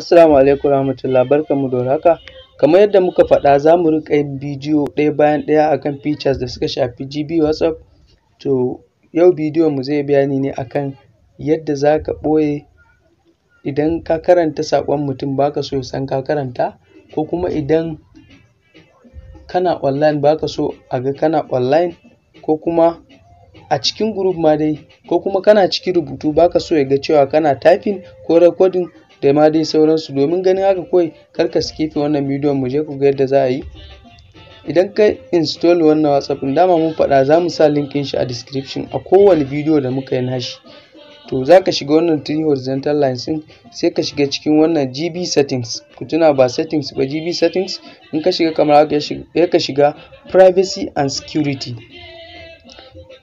Assalamu alaikum rahmatullah barkanmu da haka kamar yadda muka faɗa za mu riƙa yin bidiyo ɗaya bayan ɗaya akan features da suka shafi GB WhatsApp to yau bidiyo mu zai bayani ne akan yadda za ka ɓoye idan ka karanta saƙon mutum baka so ya san ka karanta ko kuma idan kana online baka so a ga kana online ko kuma a cikin group ma dai ko kuma kana cikin rubutu baka so ya ga cewa kana typing ko recording da ma dai sauransu. Domin ganin haka kawai kar ka wannan bidiyon mu je ku ga yadda za a yi. Idan ka install wannan WhatsApp dama mun faɗa za mu sa linkin shi a description a kowane bidiyo da muka yi nashi. To za ka shiga wannan three horizontal lines ɗin sai ka shiga cikin wannan GB settings. Ku tuna ba settings ba GB settings in ka shiga kamar haka ya ka shiga privacy and security.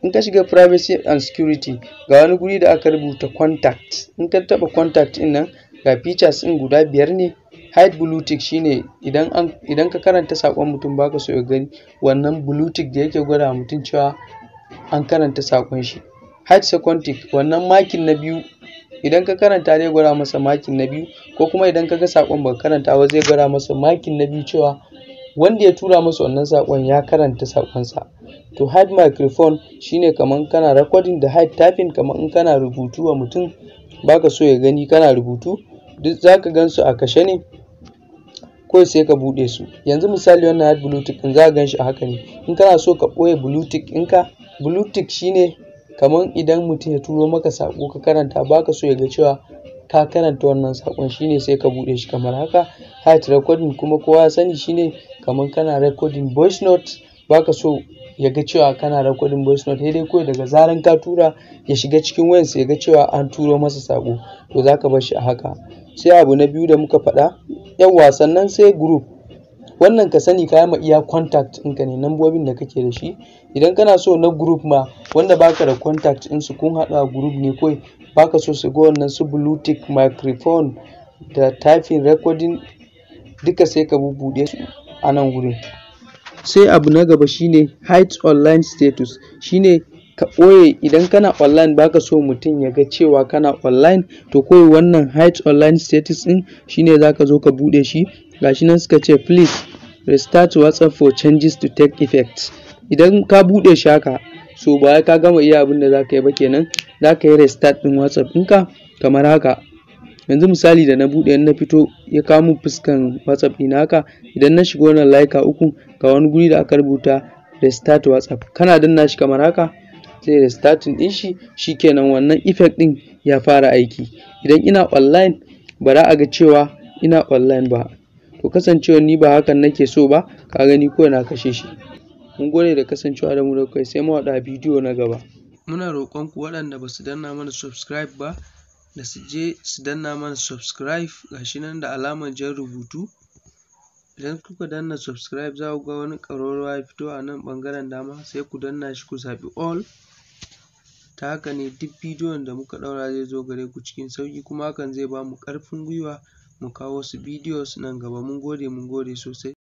in ka shiga privacy and security ga wani guri da aka rubuta contact in ka taɓa contact din nan ga features ɗin guda biyar ne hide blue tick shine idan an idan ka karanta saƙon mutum baka so ya gani wannan blue tick da yake gwada mutum cewa an karanta saƙon shi hide second tick wannan makin na biyu idan ka karanta zai gwada masa makin na biyu ko kuma idan ka ga saƙon baka karanta ba zai gwada masa makin na biyu cewa wanda ya tura masa wannan saƙon ya karanta saƙonsa to hide microphone shine kaman kana recording da hide typing kaman in kana rubutu wa mutum baka so ya gani kana rubutu duk za ka gan su a kashe ne ko sai ka buɗe su yanzu misali wannan hard bluetooth in za ka gan shi a haka ne in kana so ka ɓoye bluetooth ɗinka bluetooth shine kaman idan mutum ya turo maka sako ka karanta baka so ya ga cewa ka karanta wannan saƙon shine sai ka buɗe shi kamar haka height recording kuma kowa ya sani shine kamar kana recording voice note baka so ya ga cewa kana recording voice note sai dai kawai daga zaran ka tura ya shiga cikin wayansa ya ga cewa an turo masa sako to zaka bar shi a haka sai abu na biyu da muka faɗa yau sannan sai group wannan ka sani ka ma iya contact ɗinka ne nambobin da kake da shi idan kana so na group ma wanda baka da contact in su kun haɗu a group ne kai baka so su ga wannan su bluetooth microphone da typing recording duka sai ka bubbuɗe su a nan wurin Sai abu na gaba shine hide online status. Shine ka ɓoye idan kana online baka so mutum ya ga cewa kana online to koyi wannan hide online status ɗin shine zaka zo ka buɗe shi. Gashi nan suka ce please restart WhatsApp for changes to take effect. Idan ka buɗe shi haka so ba ka gama iya abin da zaka yi ba kenan zaka yi restart ɗin WhatsApp ɗinka kamar haka. yanzu misali da na buɗe na fito ya kamo fuskan whatsapp ɗina haka idan na shiga wannan laika uku ga wani guri da aka rubuta restart whatsapp kana danna shi kamar haka sai restarting din shi shikenan wannan effect din ya fara aiki idan ina online ba za a ga cewa ina online ba to kasancewa ni ba hakan nake so ba ka gani ko na kashe shi mun gode da kasancewa da mu da kai sai mu haɗa bidiyo na gaba muna roƙon ku waɗanda ba su danna mana subscribe ba da su je su danna mana subscribe shi nan da alamar jan rubutu idan kuka danna subscribe za ku ga wani ƙararrawa ya fito a nan ɓangaren dama sai ku danna shi ku zaɓi all ta haka ne duk bidiyon da muka ɗaura zai zo gare ku cikin sauƙi kuma hakan zai ba mu ƙarfin gwiwa mu kawo wasu bidiyos nan gaba mun gode mun gode sosai